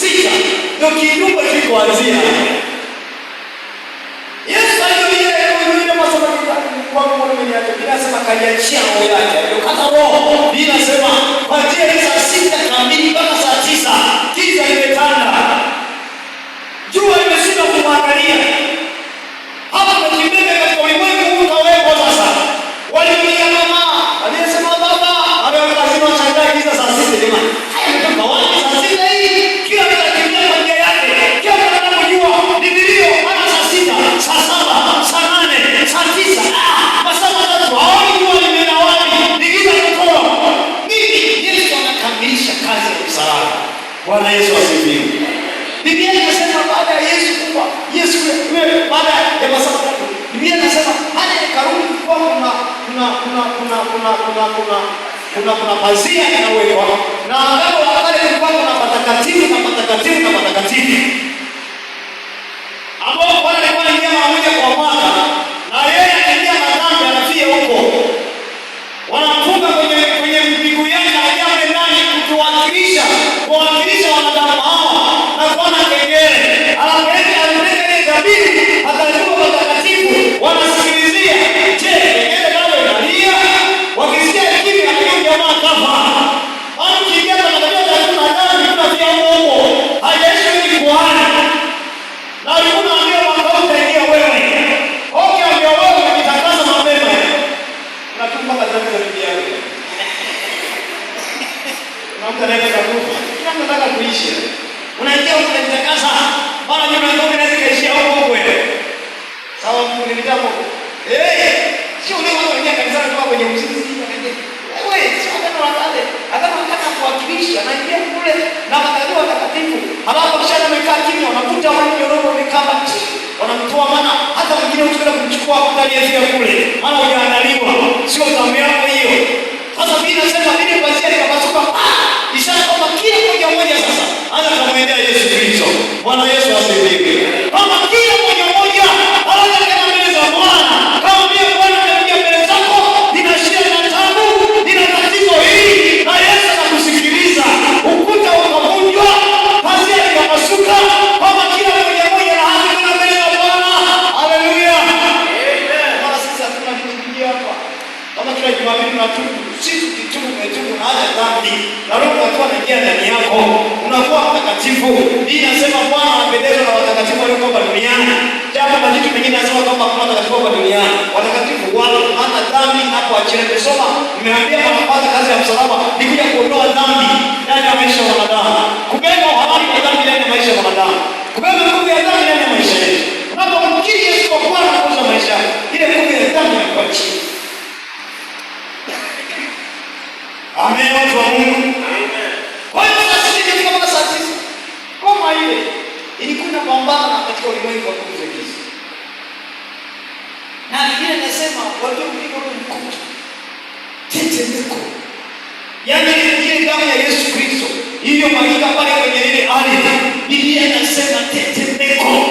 sita ndio kiinuko kilikuanzia. Yesu alipoingia alipoingia roho yake. Alipokata roho bila sema kuanzia saa sita kamili mpaka saa tisa giza limetanda. Jua limeshinda kumwangalia. kuna kuna kuna kuna kuna kuna kuna pazia na inawekwa na agano la kale kulikuwa kuna patakatifu na patakatifu na patakatifu ambao Bwana alikuwa anaingia mara moja kwa mwaka, na yeye anaingia madhambi anafia huko, wanafunga kwenye kwenye mpigo yake na ajabu ndani kutuwakilisha kuwakilisha wanadamu hawa na kuona kengele anapeleka anapeleka ile dhabihu atalikuwa patakatifu wana kuna mtu anaweza kufa, kila mtu anataka kuishi. Unaingia unajitakasa, mara nyumba yako inaweza kaishia huko huko. Sawa, mtu ni vitabu eh, sio leo watu wanaingia kanisani kwa kwenye msingi wanaingia, wewe sio kama wakale, hata kama kuwakilisha na ingia kule na matatizo watakatifu, halafu kisha amekaa kimya, wanakuta wale nyororo wamekaa chini, wanamtoa maana, hata mwingine mtu kumchukua kule kule, maana hujaandaliwa, sio zamu yako hiyo. Sasa Holy Name. kila Jumapili tunatubu, sisi kitubu tumetubu na hata dhambi, na Roho akiwa anaingia ndani yako unakuwa mtakatifu. Hii nasema Bwana anapendezwa na watakatifu waliokuwa kwa duniani, japo na majitu mengine nasema kwamba kuna watakatifu kwa duniani. Watakatifu wao hata dhambi na inapoachilia, nimesoma nimeambia kwamba kazi ya msalaba ni kuja kuondoa dhambi katika ulimwengu wa nguvu za Na vingine nasema wajua mpigo ule mkubwa tetemeko, yaani ile damu ya Yesu Kristo iliyomwagika pale kwenye ile ardhi, Biblia inasema tetemeko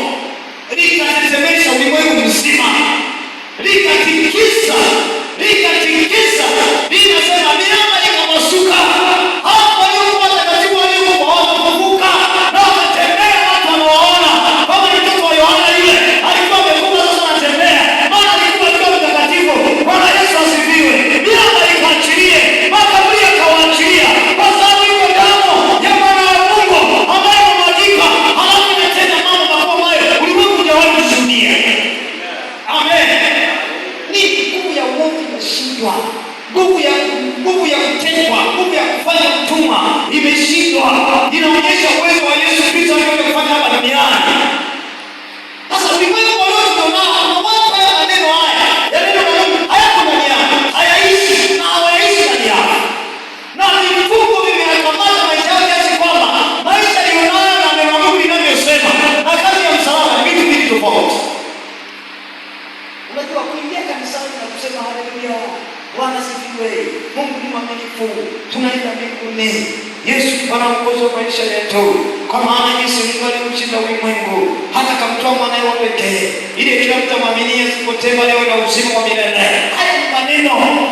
likatetemesha ulimwengu mzima. Por eso Mungu tunaenda mbinguni. Yesu anaongoza maisha yetu, kwa maana Yesu Mungu alimshinda ulimwengu, hata akamtoa mwanaye wa pekee, ili kila mtu amwaminie asipotee, bali awe na uzima wa milele. Haya ni maneno